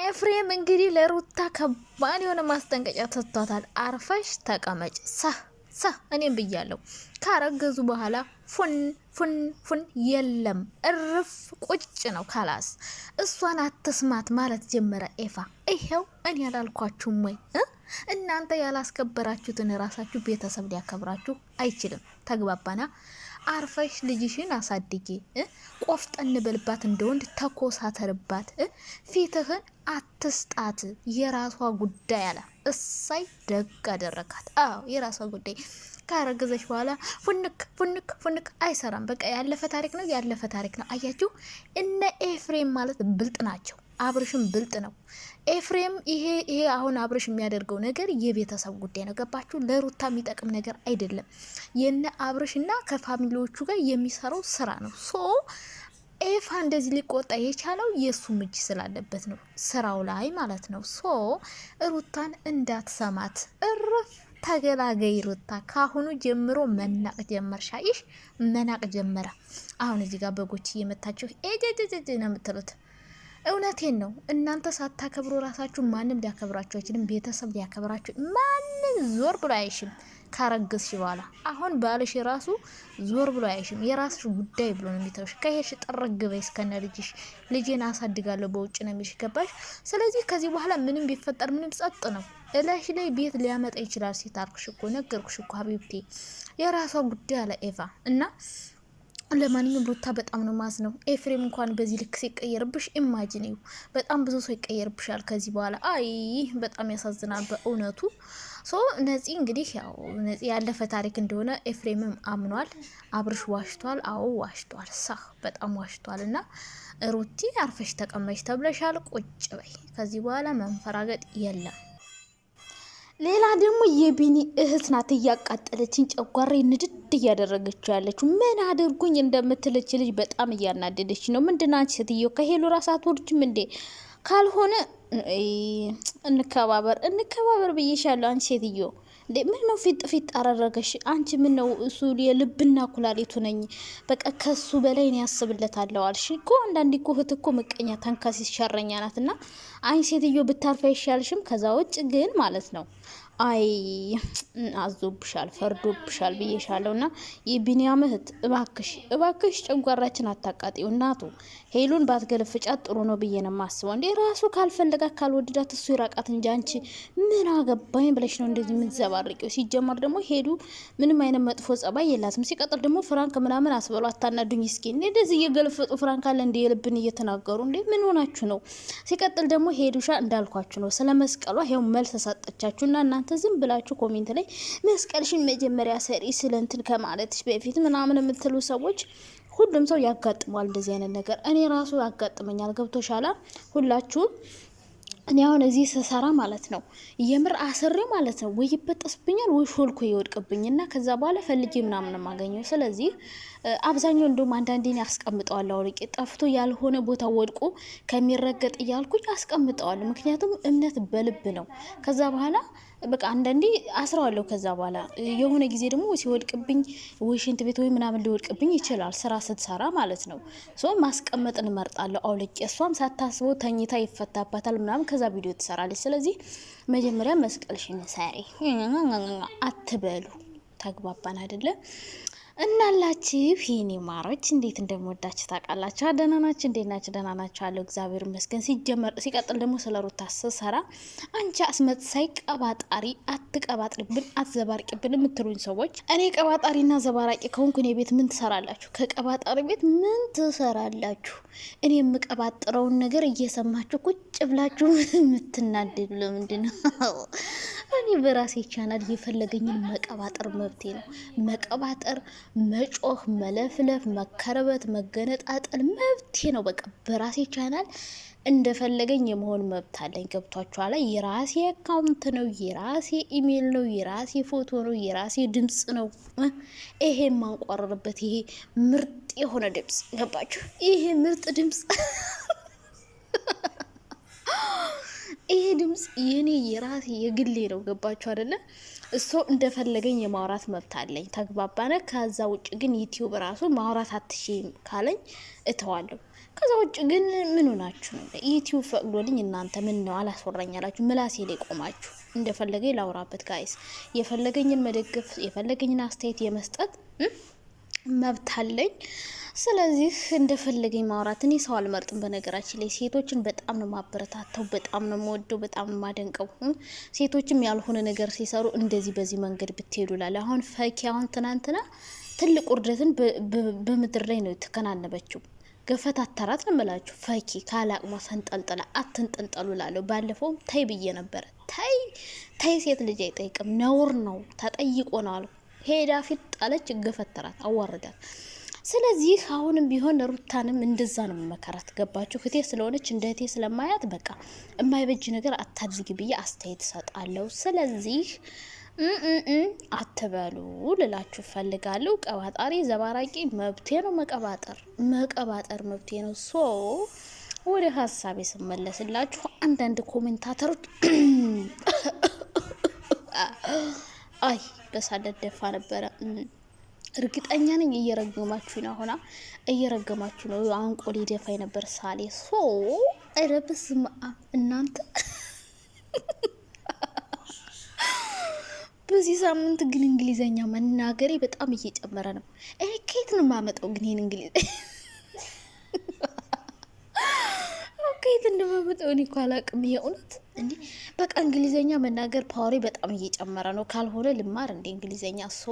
ኤፍሬም እንግዲህ ለሩታ ከባድ የሆነ ማስጠንቀቂያ ተቷታል። አርፈሽ ተቀመጭ ሳ ሳ እኔም ብያለሁ። ካረገዙ በኋላ ፉን ፉን ፉን የለም እርፍ ቁጭ ነው ካላስ እሷን አትስማት ማለት ጀመረ ኤፋ። ይሄው እኔ ያላልኳችሁም ወይ እናንተ ያላስከበራችሁትን ራሳችሁ ቤተሰብ ሊያከብራችሁ አይችልም። ተግባባና አርፈሽ ልጅሽን አሳድጊ። ቆፍጠን በልባት፣ እንደ ወንድ ተኮሳተርባት፣ ፊትህን አትስጣት። የራሷ ጉዳይ አለ። እሳይ ደግ አደረካት። አዎ የራሷ ጉዳይ። ካረገዘች በኋላ ፉንክ ፉንክ ፉንክ አይሰራም። በቃ ያለፈ ታሪክ ነው፣ ያለፈ ታሪክ ነው። አያችሁ፣ እነ ኤፍሬም ማለት ብልጥ ናቸው። አብርሽም ብልጥ ነው። ኤፍሬም ይሄ ይሄ አሁን አብርሽ የሚያደርገው ነገር የቤተሰብ ጉዳይ ነው። ገባችሁ? ለሩታ የሚጠቅም ነገር አይደለም። የነ አብርሽና ከፋሚሊዎቹ ጋር የሚሰራው ስራ ነው። ሶ ኤፋ እንደዚህ ሊቆጣ የቻለው የእሱም እጅ ስላለበት ነው፣ ስራው ላይ ማለት ነው። ሶ ሩታን እንዳትሰማት እርፍ ተገላገይ ሩታ። ካሁኑ ጀምሮ መናቅ ጀመር፣ ሻይሽ መናቅ ጀመረ። አሁን እዚህ ጋር በጎች እየመታችሁ ኤጀጀጀ ነው የምትሉት እውነቴን ነው። እናንተ ሳታከብሩ ራሳችሁ ማንም ሊያከብራችሁ አይችልም። ቤተሰብ ሊያከብራችሁ ማንም ዞር ብሎ አይሽም። ካረገዝሽ በኋላ አሁን ባልሽ ራሱ ዞር ብሎ አይሽም። የራስሽ ጉዳይ ብሎ ነው የሚተውሽ። ከሄድሽ ጠረግበይ እስከነ ልጅሽ ልጄን አሳድጋለሁ በውጭ ነው የሚልሽ። ገባሽ? ስለዚህ ከዚህ በኋላ ምንም ቢፈጠር ምንም ጸጥ ነው። እላሽ ላይ ቤት ሊያመጣ ይችላል። ሴት አልኩሽ እኮ ነገርኩሽ እኮ ሀቢብቴ። የራሷ ጉዳይ አለ ኤቫ እና ለማንኛውም ሩታ በጣም ነው ማዝ ነው። ኤፍሬም እንኳን በዚህ ልክ ሲቀየርብሽ ኢማጂን እዩ። በጣም ብዙ ሰው ይቀየርብሻል ከዚህ በኋላ። አይ በጣም ያሳዝናል በእውነቱ። ሶ ነፂ እንግዲህ ያው ነፂ ያለፈ ታሪክ እንደሆነ ኤፍሬምም አምኗል። አብርሽ ዋሽቷል። አዎ ዋሽቷል። ሳ በጣም ዋሽቷል። እና ሩቲ አርፈሽ ተቀመጭ ተብለሻል። ቁጭ በይ። ከዚህ በኋላ መንፈራገጥ የለም። ሌላ ደግሞ የቢኒ እህት ናት እያቃጠለችን ጨጓሬ ንድድ ግድ እያደረገች ያለችው ምን አድርጉኝ እንደምትልች ልጅ በጣም እያናደደች ነው። ምንድን አንቺ ሴትዮ ከሄሉ ራስ አትወርጅም እንዴ? ካልሆነ እንከባበር እንከባበር ብዬሻለሁ። አንቺ ሴትዮ እንዴ ምን ነው ፊጥ ፊጥ አረረገሽ? አንቺ ምን ነው እሱ የልብና ኩላሊቱ ነኝ፣ በቃ ከሱ በላይ ነው ያስብለታለሁ አልሽ እኮ። አንዳንድ እኮ እህት እኮ ምቀኛ፣ ተንካሴ፣ ሸረኛ ናት። እና አንቺ ሴትዮ ብታርፋ ይሻልሽም። ከዛ ውጭ ግን ማለት ነው አይ አዞብሻል፣ ፈርዶብሻል ብዬሻለሁ። እና የቢንያም እህት እባክሽ እባክሽ ጨጓራችን አታቃጢው። እናቱ ሄሉን ባትገለፍጫት ጥሩ ነው ብዬ ነው የማስበው። እንዴ ራሱ ካልፈለጋት ካልወደዳት እሱ ይራቃት እንጂ አንቺ ምን አገባኝ ብለሽ ነው እንደዚህ የምትዘባርቂው? ሲጀመር ደግሞ ሄዱ ምንም አይነት መጥፎ ጸባይ የላትም። ሲቀጥል ደግሞ ፍራንክ ምናምን አስበሉ። አታናዱኝ እስኪ። እንደዚህ እየገለፈጡ ፍራንክ አለ እንደ የልብን እየተናገሩ እንዴ ምን ሆናችሁ ነው? ሲቀጥል ደግሞ ሄዱሻ እንዳልኳችሁ ነው ስለ መስቀሏ ይኸው መልስ ሰጠቻችሁ እና እናንተ ዝም ብላችሁ ኮሜንት ላይ መስቀልሽን መጀመሪያ ሰሪ እንትን ከማለትሽ በፊት ምናምን የምትሉ ሰዎች ሁሉም ሰው ያጋጥመዋል እንደዚህ አይነት ነገር። እኔ ራሱ ያጋጥመኛል። ገብቶሻላ ሁላችሁም እኔ አሁን እዚህ ስሰራ ማለት ነው የምር አስሬ ማለት ነው ወይ ይበጠስብኛል ወይ ሾልኮ ይወድቅብኝ እና ከዛ በኋላ ፈልጌ ምናምን የማገኘው። ስለዚህ አብዛኛው እንደውም አንዳንዴን ያስቀምጠዋል አውርቄ ጠፍቶ ያልሆነ ቦታ ወድቆ ከሚረገጥ እያልኩኝ አስቀምጠዋለሁ። ምክንያቱም እምነት በልብ ነው። ከዛ በኋላ በቃ አንዳንዴ አስረዋለሁ። ከዛ በኋላ የሆነ ጊዜ ደግሞ ሲወድቅብኝ ወይ ሽንት ቤት ወይ ምናምን ሊወድቅብኝ ይችላል፣ ስራ ስትሰራ ማለት ነው። ሶ ማስቀመጥ እንመርጣለሁ አውልቄ። እሷም ሳታስበው ተኝታ ይፈታባታል ምናምን፣ ከዛ ቪዲዮ ትሰራለች። ስለዚህ መጀመሪያ መስቀልሽን ሰሪ አትበሉ። ተግባባን አይደለም? እናላችሁ ይህኔ ማሮች እንዴት እንደምወዳችሁ ታውቃላችሁ። ደህና ናችሁ? እንዴት ናችሁ? ደህና ናችሁ አለው። እግዚአብሔር ይመስገን። ሲጀመር ሲቀጥል ደግሞ ስለ ሩታ ስሰራ አንቺ አስመሳይ ቀባጣሪ፣ አትቀባጥርብን አትዘባርቅብን የምትሉኝ ሰዎች እኔ ቀባጣሪና ዘባራቂ ከሆንኩ እኔ ቤት ምን ትሰራላችሁ? ከቀባጣሪ ቤት ምን ትሰራላችሁ? እኔ የምቀባጥረውን ነገር እየሰማችሁ ቁጭ ብላችሁ የምትናደዱ ለምንድን ነው? እኔ በራሴ ቻናል የፈለገኝን መቀባጠር መብቴ ነው መቀባጠር መጮህ፣ መለፍለፍ፣ መከረበት፣ መገነጣጠል መብቴ ነው። በቃ በራሴ ቻናል እንደፈለገኝ የመሆን መብት አለኝ። ገብቷችኋል? የራሴ አካውንት ነው፣ የራሴ ኢሜይል ነው፣ የራሴ ፎቶ ነው፣ የራሴ ድምፅ ነው። ይሄ የማንቋረርበት ይሄ ምርጥ የሆነ ድምፅ ገባችሁ? ይሄ ምርጥ ድምፅ ይሄ ድምፅ የኔ የራሴ የግሌ ነው። ገባችሁ አደለ? እሶ እንደፈለገኝ የማውራት መብት አለኝ። ተግባባነ። ከዛ ውጭ ግን ዩቲዩብ ራሱ ማውራት አትሽም ካለኝ እተዋለሁ። ከዛ ውጭ ግን ምኑ ናችሁ ነው ዩቲዩብ ፈቅዶልኝ፣ እናንተ ምን ነው አላስወራኝ አላችሁ? ምላሴ ላይ ቆማችሁ እንደፈለገኝ ላውራበት። ጋይስ የፈለገኝን መደገፍ የፈለገኝን አስተያየት የመስጠት መብት አለኝ። ስለዚህ እንደፈለገኝ ማውራት እኔ ሰው አልመርጥም። በነገራችን ላይ ሴቶችን በጣም ነው ማበረታተው፣ በጣም ነው መወደው፣ በጣም ነው ማደንቀው። ሴቶችም ያልሆነ ነገር ሲሰሩ እንደዚህ በዚህ መንገድ ብትሄዱ ላለ አሁን ፈኪ አሁን ትናንትና ትልቅ ውርደትን በምድር ላይ ነው የተከናነበችው። ገፈት አታራት ነው የምላችሁ። ፈኪ ካላቅሟ ሰንጠልጥላ አትንጠልጠሉ ላለው ባለፈውም ታይ ብዬ ነበረ። ታይ ታይ ሴት ልጅ አይጠይቅም ነውር ነው ተጠይቆ ነው አልኩ። ሄዳ ፊት ጣለች፣ ገፈተራት፣ አዋረዳት። ስለዚህ አሁንም ቢሆን ሩታንም እንደዛ ነው መከራት። ገባችሁ? እህቴ ስለሆነች እንደ እህቴ ስለማያት በቃ የማይበጅ ነገር አታድርጊ ብዬ አስተያየት እሰጣለሁ። ስለዚህ አትበሉ ልላችሁ ፈልጋለሁ። ቀባጣሪ ዘባራቂ መብቴ ነው። መቀባጠር መቀባጠር መብቴ ነው። ሶ ወደ ሀሳቤ ስመለስላችሁ አንዳንድ ኮሜንታተሮች አይ በሳለት ደፋ ነበረ። እርግጠኛ ነኝ እየረገማችሁ ነው። አሁና እየረገማችሁ ነው። አንቆ ሊደፋ ነበር ሳሌ ሶ ረብስ እናንተ በዚህ ሳምንት ግን እንግሊዘኛ መናገሬ በጣም እየጨመረ ነው። ከየት ነው የማመጣው ግን ይህን እንግሊዝ እኔ እኮ አላቅም የእውነት እንዴ። በቃ እንግሊዘኛ መናገር ፓወሬ በጣም እየጨመረ ነው። ካልሆነ ልማር እንዴ እንግሊዘኛ ሶ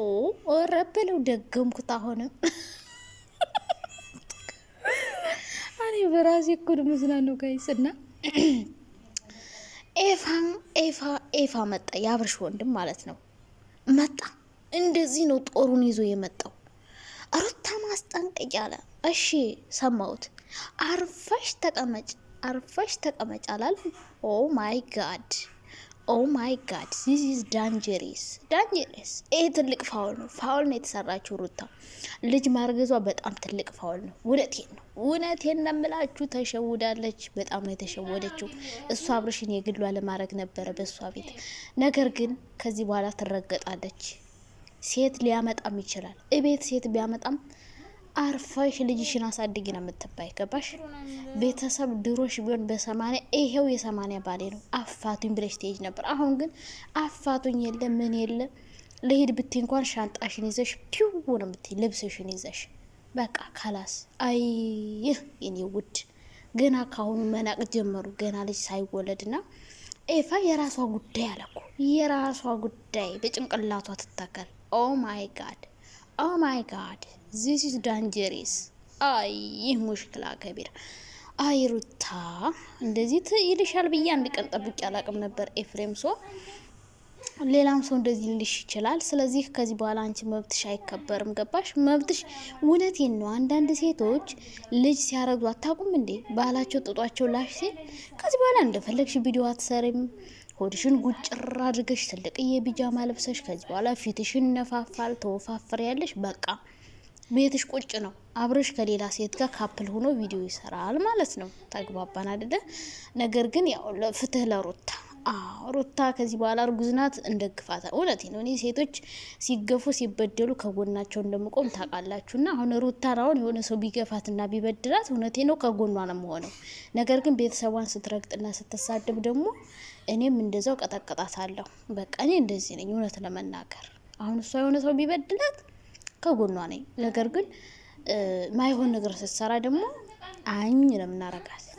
ረበለው ደገምኩት። አሁን እኔ በራሴ እኮ መዝናነው ጋይስ እና ኤፋ ኤፋ ኤፋ መጣ የአብርሽ ወንድም ማለት ነው መጣ። እንደዚህ ነው ጦሩን ይዞ የመጣው። ሩታ ማስጠንቀቂያ አለ። እሺ ሰማሁት። አርፈሽ ተቀመጭ አርፈሽ ተቀመጫላል። ኦ ማይ ጋድ ኦ ማይ ጋድ ዚስ ኢዝ ዳንጀሪስ ይሄ ትልቅ ፋውል ነው። ፋውል ነው የተሰራችው ሩታ። ልጅ ማርገዟ በጣም ትልቅ ፋውል ነው። እውነቴን ነው እውነቴን ነው የምላችሁ፣ ተሸውዳለች። በጣም ነው የተሸወደችው። እሷ አብርሽን የግሏ ለማድረግ ነበረ በእሷ ቤት። ነገር ግን ከዚህ በኋላ ትረገጣለች። ሴት ሊያመጣም ይችላል እቤት ሴት ቢያመጣም አርፈሽ ልጅሽን አሳድጊ ነው የምትባይ። ገባሽ? ቤተሰብ ድሮሽ ቢሆን በሰማኒያ ይሄው የሰማኒያ ባሌ ነው አፋቱኝ ብለሽ ትሄጅ ነበር። አሁን ግን አፋቱኝ የለ ምን የለ ለሄድ ብት እንኳን ሻንጣሽን ይዘሽ ፒው ነው ብት ልብስሽን ይዘሽ በቃ ካላስ። አይ የኔ ውድ ገና ካሁኑ መናቅ ጀመሩ። ገና ልጅ ሳይወለድ ና ኤፋ የራሷ ጉዳይ አለኩ የራሷ ጉዳይ በጭንቅላቷ ትታከል። ኦ ማይ ጋድ ኦ ማይ ጋድ ዚስ ኢዝ ዳንጀሪስ። አይ ይህ ሙሽክላ ከቢር። አይ ሩታ እንደዚህ ትይልሻል ብዬ አንድ ቀን ጠብቄ አላቅም ነበር ኤፍሬም። ሶ ሌላም ሰው እንደዚህ ልልሽ ይችላል። ስለዚህ ከዚህ በኋላ አንቺ መብትሽ አይከበርም። ገባሽ? መብትሽ እውነቴን ነው። አንዳንድ ሴቶች ልጅ ሲያረጉ አታቁም እንዴ? ባህላቸው ጥጧቸው ላሽ ሲል ከዚህ በኋላ እንደፈለግሽ ቪዲዮ አትሰርም ሆድሽን ጉጭር አድርገሽ ትልቅዬ ቢጃማ ለብሰሽ ከዚህ በኋላ ፊትሽን ነፋፋል ተወፋፍር ያለሽ በቃ ቤትሽ ቁጭ ነው። አብረሽ ከሌላ ሴት ጋር ካፕል ሆኖ ቪዲዮ ይሰራል ማለት ነው። ተግባባን አደለ? ነገር ግን ያው ፍትህ ለሩታ ሩታ ከዚህ በኋላ እርጉዝናት ናት፣ እንደግፋታል። እውነት ነው። እኔ ሴቶች ሲገፉ ሲበደሉ ከጎናቸው እንደምቆም ታውቃላችሁ። እና አሁን ሩታን አሁን የሆነ ሰው ቢገፋትና ቢበድላት እውነቴ ነው ከጎኗ ነው የምሆነው። ነገር ግን ቤተሰቧን ስትረግጥና ስትሳደብ ደግሞ እኔም እንደዛው ቀጠቅጣታለሁ። በቃ እኔ እንደዚህ ነኝ፣ እውነት ለመናገር አሁን እሷ የሆነ ሰው ቢበድላት ከጎኗ ነኝ። ነገር ግን ማይሆን ነገር ስትሰራ ደግሞ አኝ ነው ለምናረጋት